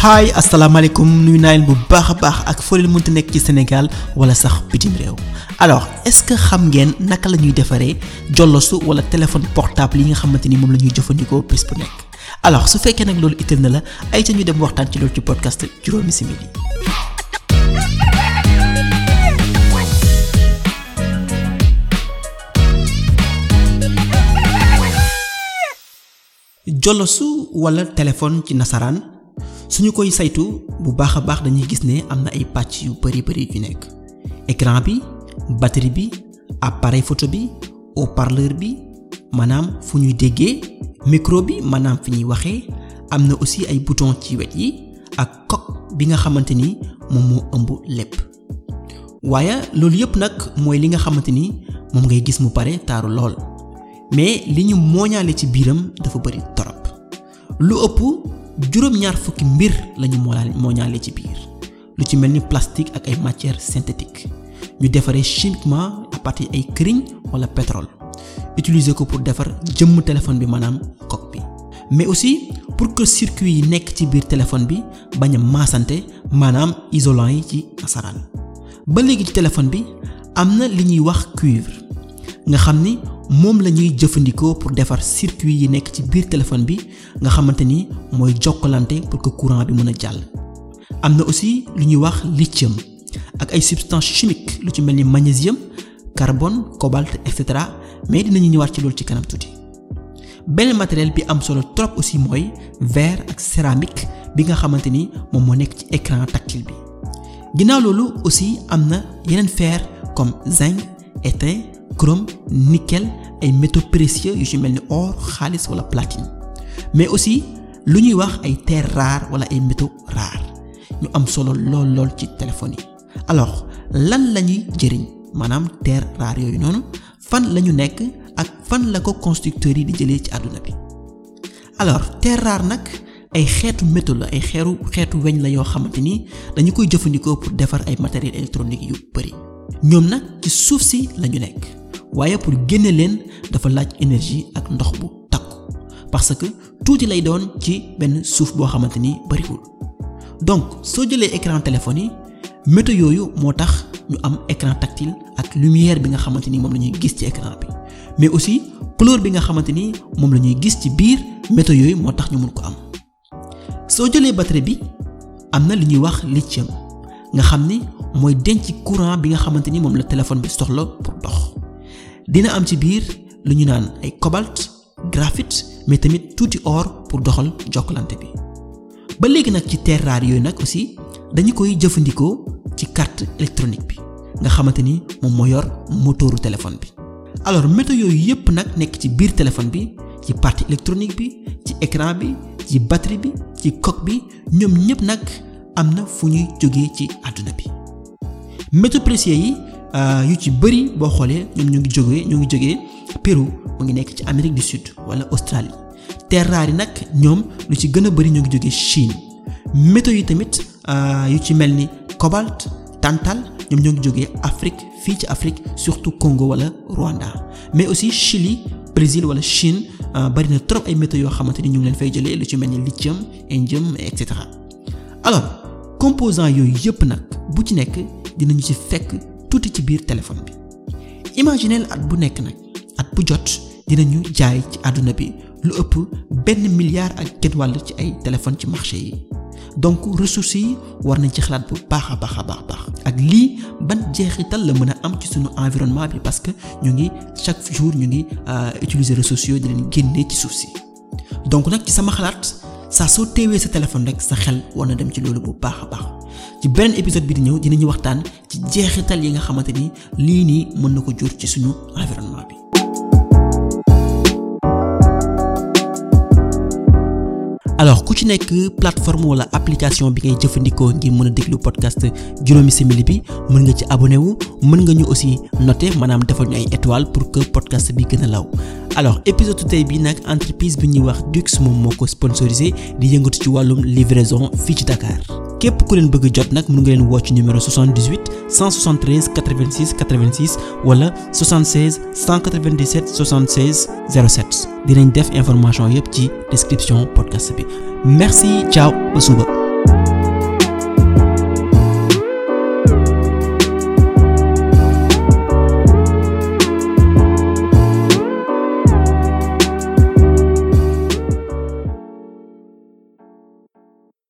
haay asalaamaaleykum nuy naa bu baax a baax ak foo mënta nekk ci senegal wala sax bitim réew alors est-ce que xam ngeen naka la ñuy defaree jollosu wala téléphone portable yi nga xamante ni moom la jëfandikoo bés alors su fekkee nag loolu la ay ca dem waxtaan ci loolu ci podcast juróomi simili jollosu wala téléphone ci nasaraan. suñu koy saytu bu baax a baax dañuy gis ne am na ay pàcc yu bari bari yu nekk écran bi batterie bi appareil photo bi haut-parleur bi maanaam fu ñuy déggee micro bi maanaam fu ñuy waxee am na aussi ay bouton ci wet yi ak coque bi nga xamante ni moom moo ëmb lépp waaye loolu yëpp nag mooy li nga xamante ni moom ngay gis mu pare taaru lool mais li ñu mooñale ci biiram dafa bari torop lu ëpp juróom-ñaar fukki mbir lañu mooñaale mooñaale ci biir lu ci mel ni plastique ak ay matières synthétiques ñu defaree chimiquement à partir ay këriñ wala pétrole utiliser ko pour defar jëmm téléphone bi maanaam coque bi mais aussi pour que circuit yi nekk ci biir téléphone bi bañ a maasante maanaam isolant yi ci nasaraan ba léegi ci téléphone bi am na li ñuy wax cuivre nga xam ni moom la ñuy jëfandikoo pour defar circuit yi nekk ci biir téléphone bi nga xamante ni mooy jokkalante pour que courant bi mën a jàll. am na aussi lu ñuy wax lithium ak ay substances chimiques lu ci mel ni magnésium carbone cobalt et cetera mais dinañu ñëwaat ci loolu ci kanam tuuti. beneen matériel bi am solo trop aussi mooy verre ak céramique bi nga xamante ni moom moo nekk ci écran tactile bi. ginnaaw loolu aussi am na yeneen fer comme zinc étain. chrome nickel ay métaux précieux yu ci mel ni or xaalis wala platine mais aussi lu ñuy wax ay terres rares wala ay métaux rares ñu am solo lool lool ci téléphone yi alors lan la ñuy jëriñ maanaam terres rares yooyu noonu fan la ñu nekk ak fan la ko constructeurs yi di jëlee ci àdduna bi alors terres rares nag ay xeetu métaux la ay xeeru xeetu weñ la yoo xamante ni dañu koy jëfandikoo pour defar ay matériels électroniques yu bari ñoom nag ci suuf si lañu nekk waaye pour génne leen dafa laaj énergie ak ndox bu takku parce que tuuti lay doon ci benn suuf boo xamante ni bariwul donc soo jëlee écran téléphone yi météo yooyu moo tax ñu am écran tactile ak lumière bi nga xamante ni moom lañuy gis ci mais aussi couleur bi nga xamante ni moom la ñuy gis ci biir météo yooyu moo tax ñu mun ko am soo jëlee batterie bi am na li ñuy wax lithium nga xam ni mooy denc courant bi nga xamante ni moom la téléphone bi soxla pour dox dina am ci biir lu ñu naan ay cobalt graphite mais tamit tuuti or pour doxal jokkalante bi ba léegi nag ci terres yooyu nag aussi dañu koy jëfandikoo ci carte électronique bi nga xamante ni moom moo yor motooru téléphone bi alors métaux yooyu yépp nag nekk ci biir téléphone bi ci partie électronique bi ci ecran bi ci batterie bi ci coque bi ñoom ñépp nag am na fu ñuy jógee ci àdduna bi métaux précieux yi Euh, yu ci bëri boo xoolee ñoom ñu ngi jógee ñu ngi jogee Pérou mu ngi nekk ci Amérique du Sud wala Australie terres yi nag ñoom lu ci gën a bëri ñu ngi jógee Chine métaux yi tamit euh, yu ci mel ni cobalt tantal ñoom ñoo ngi jógee Afrique fii ci Afrique surtout Congo wala Rwanda mais aussi Chili Brésil wala Chine euh, bari na trop ay métaux yoo xamante ni ñu ngi leen fay jëlee lu ci mel ni lithium indium et cetera alors composants yooyu yëpp nag bu ci nekk dinañu ci fekk. tuuti ci biir téléphone bi imagineel at bu nekk nag at bu jot dinañu jaay ci àdduna bi lu ëpp benn milliard ak genn ci ay téléphone ci marché yi donc ressources yi war nañ ci xalaat bu baax a baax a baax baax ak lii ban jeexital la mën a am ci suñu environnement bi parce que ñu ngi chaque jour ñu ngi euh, utiliser ressources yooyu di leen génnee ci suuf si donc nag ci sama xalaat saa soo teewee sa téléphone rek sa xel war na dem ci loolu bu baax a baax. ci beneen épisode bi di ñëw dinañu waxtaan ci jeexital yi nga xamante ni lii nii mën na ko jur ci suñu environnement bi. alors ku ci nekk plateforme wala application bi ngay jëfandikoo ngir mën a déglu podcast juróomi simili bi mën nga ci abonné wu mën nga ñu aussi noter maanaam defal ñu ay étoile pour que podcast bi gën a law alors épisode tey bi nag entreprise bi ñuy wax Dux moom moo ko sponsorisé di yëngatu ci wàllum livraison fii ci Dakar. képp ku leen bëgg jot nag mu nga leen woo ci numéro 78 173 86 86 wala 76 dinañ def information yépp ci description podcast bi merci ciao ba suba